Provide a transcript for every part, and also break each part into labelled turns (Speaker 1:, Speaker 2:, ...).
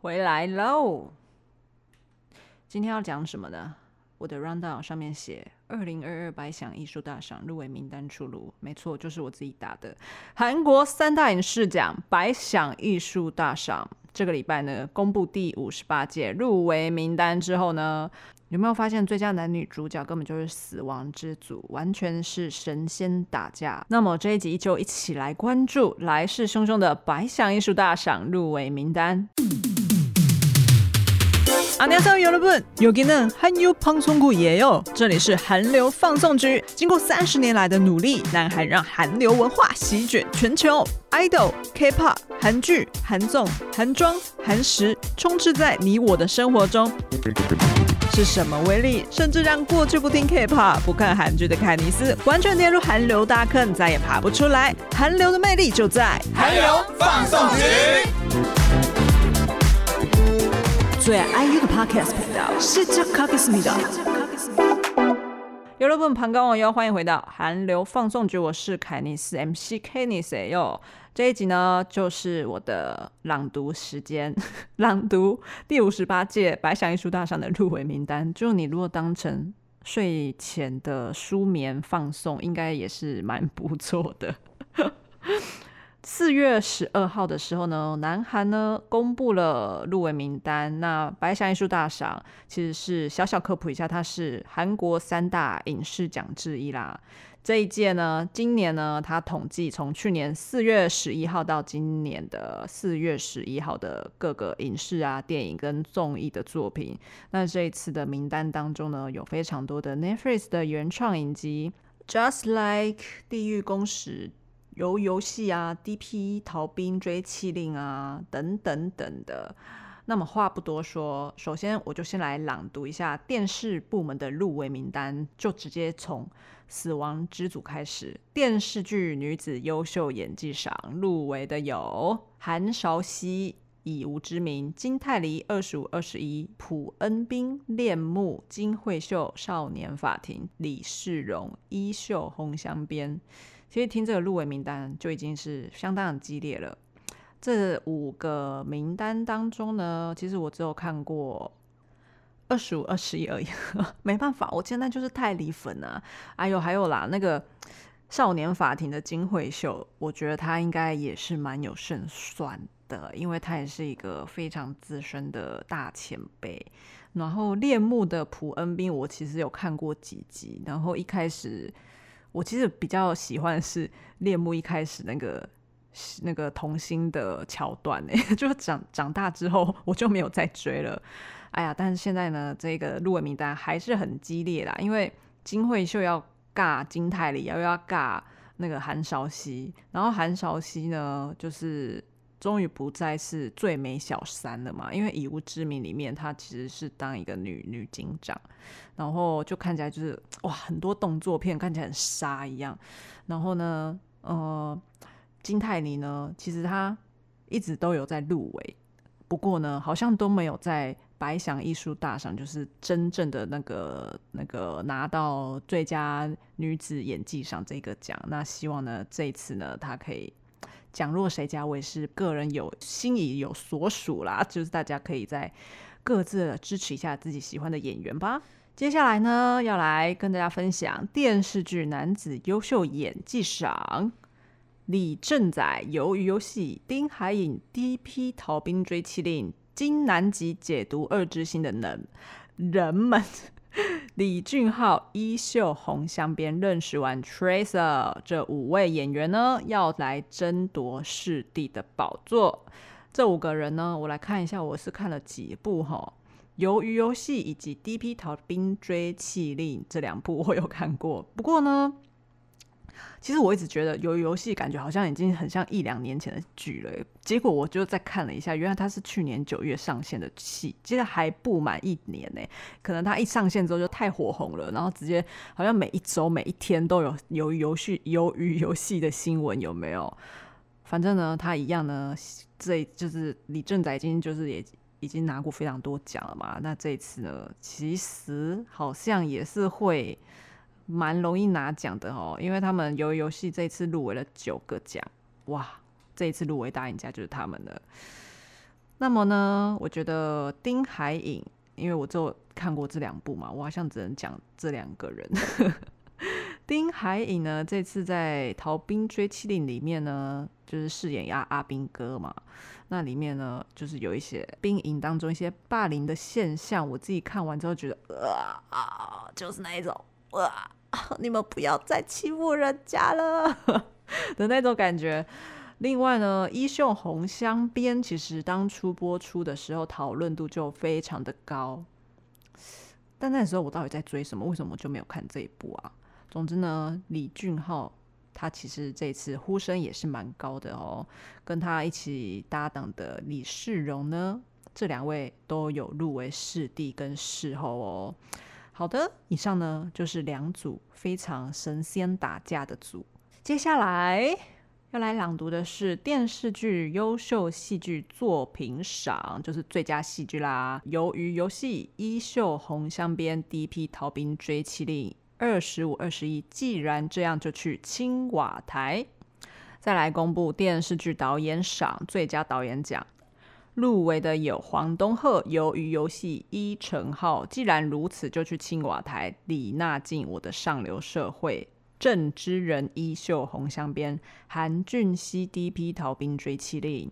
Speaker 1: 回來嘍！今天要講什麼呢？我的 rundown o 上面寫：二零二二百想藝術大賞入圍名單出爐。沒錯，就是我自己打的。韓國三大影視獎——百想藝術大賞，這個禮拜呢，公布第五十八屆入圍名單之後呢。有沒有發現最佳男女主角根本就是死亡之組，完全是神仙打架？那麼這一集就一起來關注來勢洶洶的百想藝術大賞入圍名單。안녕하세요여러분這裡是韓流放送局。經過三十年來的努力，南韓讓韓流文化席捲全球，idol、K-pop、K、pop, 韓劇、韓綜、韓妝、韓食，充斥在你我的生活中。是什麼威力，甚至讓過去不聽 K-pop、OP，不看韓劇的凱尼斯完全跌入韓流大坑，再也爬不出來？韓流的魅力就在《韓流放送局》，最愛 IU 的 Podcast 頻道、哦，是這 K-pop 的。有樂不悶，旁觀網友歡迎回到《韓流放送局》，我是凱尼斯 M.C. 凱尼斯喲。這一集呢，就是我的朗讀時間，朗讀第五十八屆百想藝術大賞的入圍名單。就你如果當成睡前的舒眠放鬆，應該也是蠻不錯的。 四月十二號的時候呢，南韓呢公布，了入圍名單。那百想藝術大賞其實是小小科普一下，它是韓國三大影視獎之一啦。這一屆呢，今年呢，它統計從去年四月十一號到今年的四月十一號的各個影視啊、電影跟綜藝的作品。那這一次的名單當中呢，有非常多的 Netflix 的原創影集，Just Like 地獄公使。游遊戲啊，D.P. 逃兵追緝令啊，等，等等等的。那麼話不多說，首先我就先來朗讀一下電視部門的入圍名單，就直接從《死亡之組》開始。電視劇女子優秀演技賞入圍的有韓韶禧、以吾之名、金泰梨、二十五、二十一、朴恩斌、戀慕、金惠秀、少年法庭、李世榮、衣袖紅鑲邊其實聽這個入圍名單就已經是相當激烈了。這五個名單當中呢，其實我只有看過二十五、二十一而已。 沒辦法，我現在就是太離粉了啊。哎呦，還有啦，那個《少年法庭》的金惠秀，我覺得他應該也是蠻有勝算的，因為他也是一個非常資深的大前輩。然後《戀慕》的朴恩斌我其實有看過幾集，然後一開始。我其實比較喜歡是《戀慕》一開始那個那個童星的橋段哎，就是長長大之後我就沒有再追了。哎呀，但是現在呢，這個入圍名單還是很激烈啦。因為金惠秀要尬金泰璃，又要尬，尬那個韓韶熙，然後韓韶熙呢就是。終於不再是最美小三了嘛？因為《以吾之名》裡面她其實是當一個女女警長，然後就看起來就是哇，很多動作片看起來很殺一樣。然後呢，呃，金泰妮呢，其實她一直都有在入圍，不過呢，好像都沒有在百想藝術大賞，就是真正的那個那個拿到最佳女子演技賞這個獎。那希望呢，這次呢，她可以。講若誰家，我也是個人有心已有所屬啦，就是大家可以在各自支持一下自己喜歡的演員吧。接下來呢，要來跟大家分享電視劇男子優秀演技賞：李政宰《魷魚遊戲》，丁海寅《D.P. 逃兵追緝令》，金南佶《解讀惡之心的能人們》。李俊昊、衣袖紅鑲邊、任時完 Tracer，這五位演員呢，要來爭奪視帝的寶座。這五個人呢，我來看一下，我是看了幾部吼，《魷魚遊戲》以及《D.P. 逃兵追緝令》這兩部我有看過。不過呢，其實我一直覺得魷魚遊戲感覺好像已經很像一兩年前的劇了，結果我就再看了一下，原來它是去年九月上線的，戲，其實還不滿一年呢。可能它一上線之後就太火紅了，然後直接好像每一周、每一天都有魷魚遊戲、魷魚遊戲的新聞有沒有？反正呢，它一樣呢，這就是李政宰。已經就是也已經拿過非常多獎了嘛。那這一次呢，其實好像也是會。蠻容易拿獎的哦、喔，因為他們魷魚遊戲這一次入圍了九個獎，哇！這一次入圍大贏家就是他們了。那麼呢，我覺得丁海寅，因為我就看過這兩部嘛，我好像只能講這兩個人。 丁海寅呢，這次在《逃兵追緝令》裡面呢，就是飾演亞阿，阿兵哥嘛。那裡面呢，就是有一些兵營當中一些霸凌的現象，我自己看完之後覺得，呃、啊，就是那一種。哇、啊！你們不要再欺負人家了 的那種感覺。另外呢，《衣袖紅鑲邊》其實當初播出的時候討論度就非常的高，但那時候我到底在追什麼？為什麼我就沒有看這一部啊？總之呢，李俊昊他其實這次呼聲也是蠻高的哦。跟他一起搭檔的李世榮呢，這兩位都有入圍視帝跟視後哦。好的，以上呢就是兩組非常神仙打架的組。接下來要來朗讀的是電視劇優秀戲劇作品賞，就是最佳戲劇啦。魷魚遊戲衣袖紅鑲邊，第一批逃兵追緝令，二十五二十一。既然這樣，就去青瓦台。再來公布電視劇導演賞最佳導演獎。入圍的有黃東赫、魷魚遊戲一成浩，既然如此，就去青瓦台。李娜靜，我的上流社會。鄭知仁，衣袖紅鑲邊。韓俊熙，D.P. 逃兵追緝令。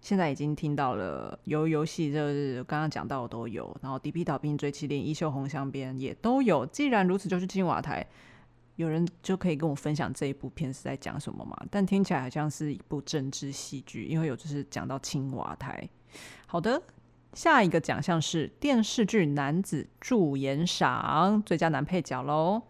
Speaker 1: 現在已經聽到了，魷魚遊戲就是剛剛講到的都有，然後 D.P. 逃兵追緝令、衣袖紅鑲邊也都有。既然如此，就去青瓦台。有人就可以跟我分享這一部片是在講什麼嗎？但聽起來好像是一部政治戲劇，因為有就是講到青瓦台。好的，下一個獎項是電視劇男子助演賞最佳男配角嘍。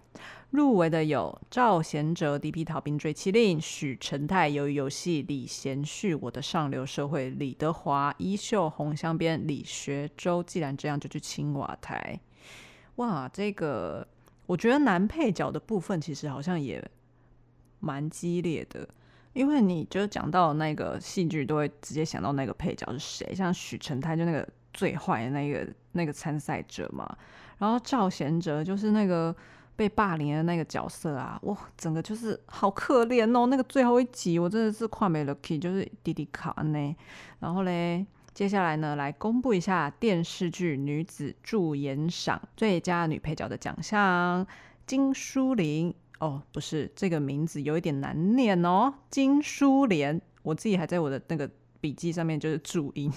Speaker 1: 入圍的有趙賢哲《D.P. 逃兵追緝令》，許成泰《魷魚遊戲》，李賢旭《我的上流社會》，李德華《衣袖紅鑲邊》，李學洲《既然這樣就去青瓦台》。哇，這個我覺得男配角的部分其實好像也蠻激烈的。因為你就講到那個戲劇，都會直接想到那個配角是誰，像許承泰就那個最壞的那個那個參賽者嘛，然後趙賢哲就是那個被霸凌的那個角色啊，哇，整個就是好可憐哦。那個最後一集，我真的是快沒了 key，就是滴滴卡呢。然後嘞，接下來呢，來公布一下電視劇女子助演賞最佳女配角的獎項，金淑玲。哦，不是，這個名字有一點難念哦，金書蓮，我自己還在我的那個筆記上面就是注音，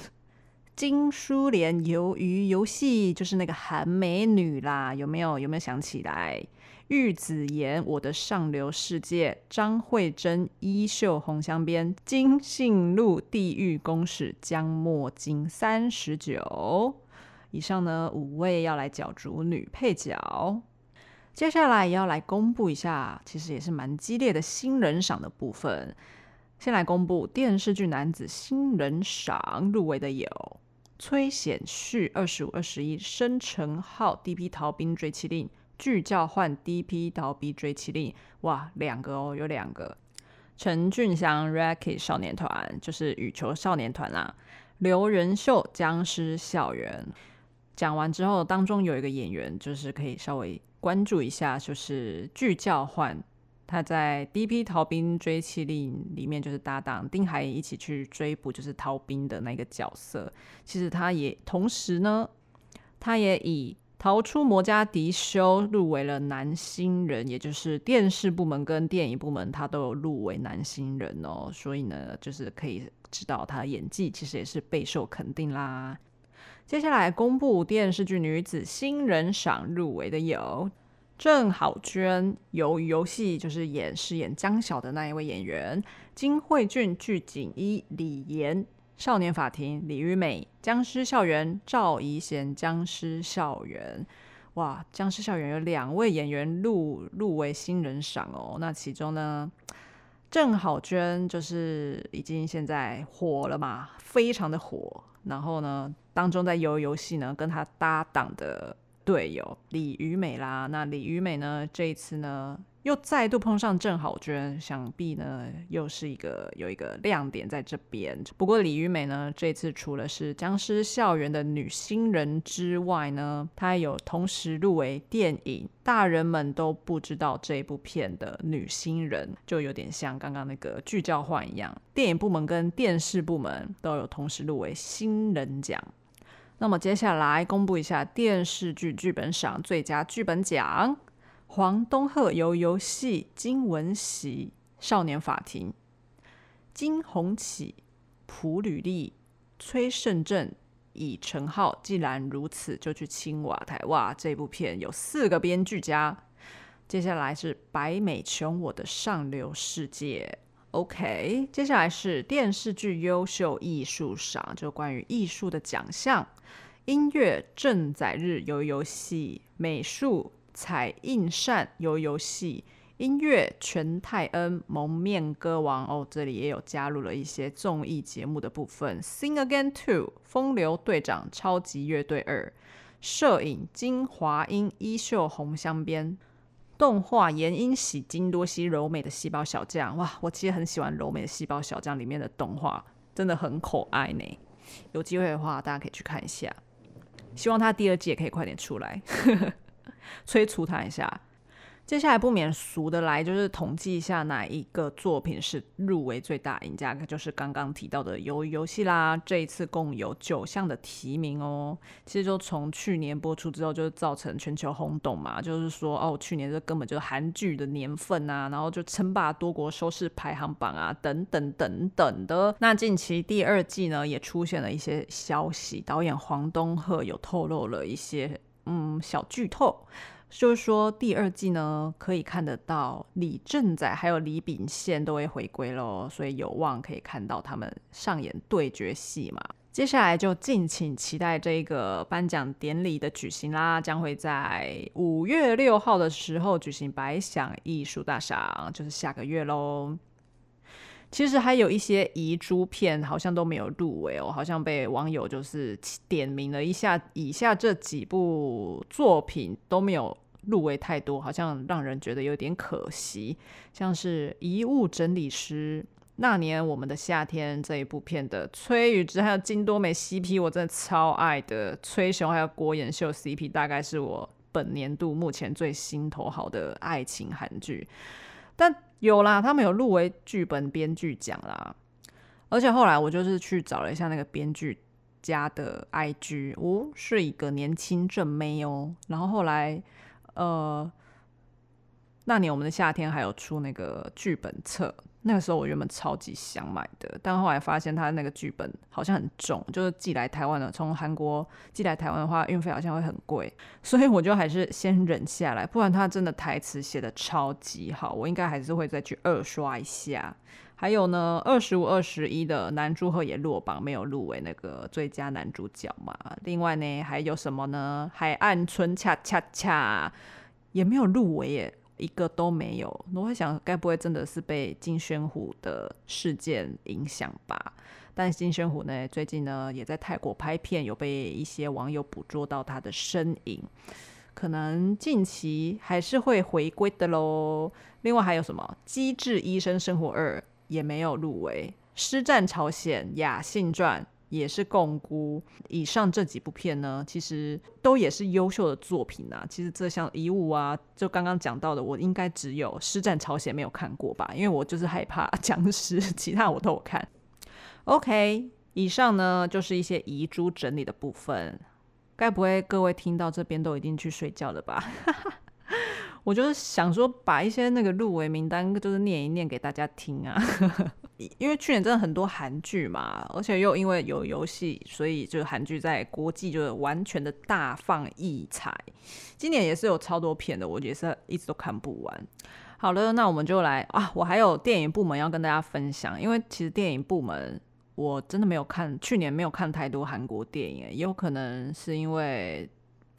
Speaker 1: 金書蓮。魷魚遊戲就是那個韓美女啦，有沒有？有沒有想起來？玉子妍，我的上流世界，張慧珍，衣袖紅鑲邊，金信露，地獄公使，姜墨金三十九。以上呢五位要來角逐女配角。接下來也要來公布一下，其實也是蠻激烈的新人賞的部分。先來公布電視劇男子新人賞入圍的有：崔顯旭、二十五、二十一、申成浩、D.P. 逃兵追緝令、具教煥 D.P. 逃兵追緝令。哇，兩個哦，有兩個。陳俊翔、Racket 少年團，就是羽球少年團啦、啊。劉仁秀、僵屍校園。講完之後，當中有一個演員，就是可以稍微關注一下，就是具教煥，他在《D.P. 逃兵追緝令》裡面就是搭檔丁海寅，一起去追捕就是逃兵的那個角色。其實他也同時呢，他也以逃出摩加迪休，入圍了男新人，也就是電視部門跟電影部門他都有入圍男新人哦。所以呢，就是可以知道他的演技其實也是備受肯定啦。接下來公布，電視劇女子新人賞入圍的有鄭好娟，魷魚、魷魚遊戲就是演，飾演姜曉的那一位演員金惠俊、具景伊、李妍。少年法庭李玉美，僵屍校園趙怡賢，僵屍校園哇，僵屍校園有兩位演員入入圍新人賞哦。那其中呢，鄭好娟就是已經現在火了嘛，非常的火。然後呢，當中在游遊戲呢，跟他搭檔的。對，有李虞美啦，那李虞美呢？這一次呢，又再度碰上鄭好娟，想必呢又是一個有一個亮點在這邊。不過李虞美呢，這一次除了是《殭屍校園》的女新人之外呢，她還有同時入圍電影《大人們都不知道》這部片的女新人，就有點像剛剛那個具教煥一樣，電影部門跟電視部門都有同時入圍新人獎。那麼接下來公布一下電視劇劇本賞最佳劇本獎：黃東赫《魷魚遊戲》、金文喜《少年法庭》、金宏起、普履利、崔勝正、尹成浩。既然如此，就去青瓦台。哇，這部片有四個編劇家。接下來是白美瓊，《我的上流世界》。OK，接下來是電視劇優秀藝術賞，就關於藝術的獎項。音樂鄭在日魷魚遊戲，美術彩印善魷魚遊戲，音樂全泰恩蒙面歌王哦，這裡也有加入了一些綜藝節目的部分。Sing Again 2風流隊長，超級樂隊二，攝影金華英衣袖紅鑲邊。動畫言音喜、金多熙柔美的細胞小將，哇！我其實很喜歡柔美的細胞小將裡面的動畫，真的很可愛呢。有機會的話，大家可以去看一下。希望他第二季也可以快點出來， 催促他一下。接下來不免俗的來，就是統計一下哪一個作品是入圍最大贏家，就是剛剛提到的魷魚遊戲啦。這一次共有九項的提名哦、喔。其實就從去年播出之後，就造成全球轟動嘛。就是說，哦，去年這根本就是韓劇的年份啊，然後就稱霸多國收視排行榜啊，等等等等的。那近期第二季呢，也出現了一些消息，導演黃東赫有透露了一些嗯小劇透。就是說，第二季呢，可以看得到李政宰還有李炳憲都會回歸嘍，所以有望可以看到他們上演對決戲嘛。接下來就敬請期待這個頒獎典禮的舉行啦，將會在五月六號的時候舉行百想藝術大賞，就是下個月嘍。其實還有一些遺珠片，好像都沒有入圍哦、喔，好像被網友就是點名了一下，以下這幾部作品都沒有入圍，太多，好像讓人覺得有點可惜。像是《遺物整理師》、《那年我們的夏天》這一部片的崔宇植還有金多美 CP，我真的超愛的。崔雄還有國延秀 CP，大概是我本年度目前最心頭好的愛情韓劇，但。有啦，他們有入圍劇本編劇獎啦。而且後來我就是去找了一下那個編劇家的 IG，哦，是一個年輕正妹哦、喔。然後後來，呃。那年我們的夏天還有出那個劇本冊，那個時候我原本超級想買的，但後來發現他那個劇本好像很重，就是寄來台灣了。從韓國寄來台灣的話，運費好像會很貴，所以我就還是先忍下來，不然他真的台詞寫得超級好，我應該還是會再去二刷一下。還有呢，二十五、二十一的男主角也落榜，沒有入圍那個最佳男主角嘛。另外呢，還有什麼呢？海岸村恰恰恰也沒有入圍耶。一個都沒有，我會想，該不會真的是被金宣虎的事件影響吧？但金宣虎呢，最近呢也在泰國拍片，有被一些網友捕捉到他的身影，可能近期還是會回歸的咯。另外還有什麼《機智醫生生活二》也沒有入圍，《屍戰朝鮮》、《雅信傳》。也是共估，以上這幾部片呢，其實都也是優秀的作品啊。其實這項遺物啊，就剛剛講到的，我應該只有《屍戰朝鮮》沒有看過吧，因為我就是害怕僵屍，其他我都有看。OK，以上呢就是一些遺珠整理的部分。該不會各位聽到這邊都已經去睡覺了吧？ 我就是想說，把一些那個入圍名單就是念一念給大家聽啊。 因為去年真的很多韓劇嘛，而且又因為有遊戲，所以就韓劇在國際就完全的大放異彩。今年也是有超多片的，我也是一直都看不完。好了，那我們就來啊，我還有電影部門要跟大家分享，因為其實電影部門我真的沒有看，去年沒有看太多韓國電影，也有可能是因為。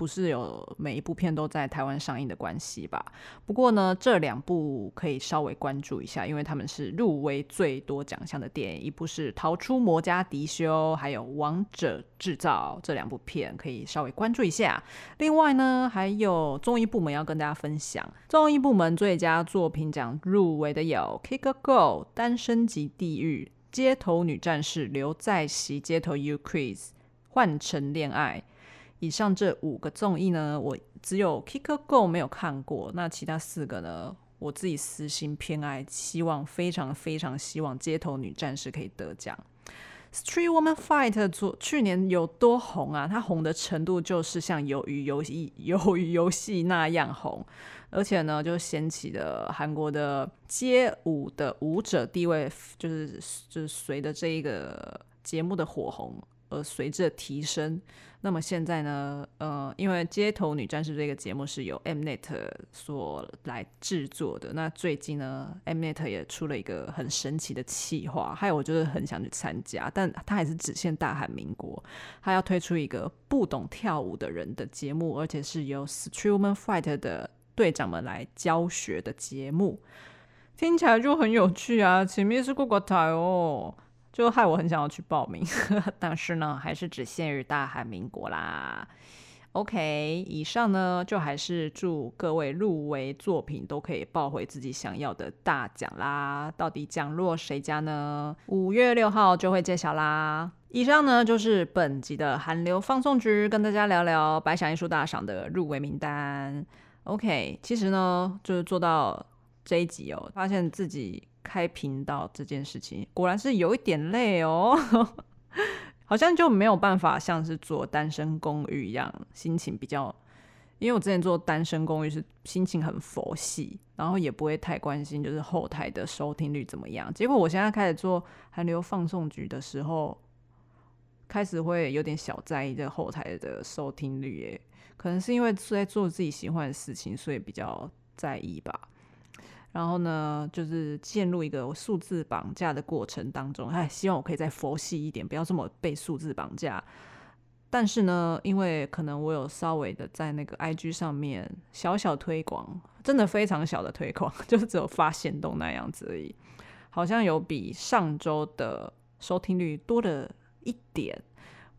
Speaker 1: 不是有每一部片都在台灣上映的關係吧？不過呢，這兩部可以稍微關注一下，因為他們是入圍最多獎項的電影，一部是《逃出摩加迪修》，還有《王者制造》這兩部片可以稍微關注一下。另外呢，還有綜藝部門要跟大家分享，綜藝部門最佳作品獎入圍的有《Kick a Girl》、《單身即地獄》、《街頭女戰士》、《劉在錫》、《街頭 You Quiz》、《換乘戀愛》。以上這五個綜藝呢，我只有 Kick a Go 沒有看過。那其他四個呢，我自己私心偏愛，希望非常非常希望《街頭女戰士》可以得獎。Street Woman Fighter 去年有多紅啊？它紅的程度就是像《魷魚遊戲》《魷魚遊戲》那樣紅，而且呢，就掀起了韓國的街舞的舞者地位，就是就是隨着這一個節目的火紅。而隨着提升，那麼現在呢？呃，因為《街頭女戰士》這個節目是由 Mnet 所來製作的。那最近呢，Mnet 也出了一個很神奇的企劃，還有我就是很想去參加，但它還是只限大韓民國。它要推出一個不懂跳舞的人的節目，而且是由 Street Woman Fighter 的隊長們來教學的節目，聽起來就很有趣啊！前面是酷狗台哦。就害我很想要去報名呵呵，但是呢，還是只限於大韓民國啦。OK，以上呢，就還是祝各位入圍作品都可以抱回自己想要的大獎啦。到底獎落誰家呢？五月六號就會揭曉啦。以上呢，就是本集的韓流放送局，跟大家聊聊百想藝術大賞的入圍名單。OK，其實呢，就是做到這一集哦，發現自己。開頻道這件事情，果然是有一點累，哦， 好像就沒有辦法像是做單身公寓一樣，心情比較……因為我之前做單身公寓是心情很佛系，然後也不會太關心就是後台的收聽率怎麼樣。結果我現在開始做韓流放送局的時候，開始會有點小在意這後台的收聽率欸，可能是因為在做自己喜歡的事情，所以比較在意吧。然後呢，就是陷入一個數字綁架的過程當中。哎，希望我可以再佛系一點，不要這麼被數字綁架。但是呢，因為可能我有稍微的在那個 IG 上面小小推廣，真的非常小的推廣，就是只有發限動那樣子而已，好像有比上周的收聽率多了一點。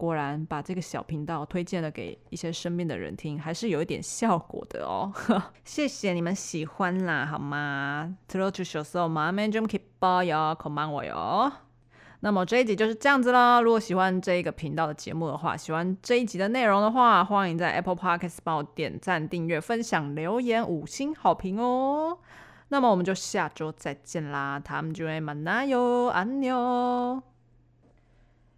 Speaker 1: 果然把這個小頻道推薦了給一些身邊的人聽，還是有一點效果的哦。 謝謝你們喜歡啦，好嗎？Trotu 秀秀，麻煩你們可以包郵，可慢我喲。那麼這一集就是這樣子啦。如果喜歡這個頻道的節目的話，喜歡這一集的內容的話，歡迎在 Apple Podcast 幫我點讚、訂閱、分享、留言、五星好評哦。那麼我們就下周再見啦。Tangjuenmanayo， 안녕。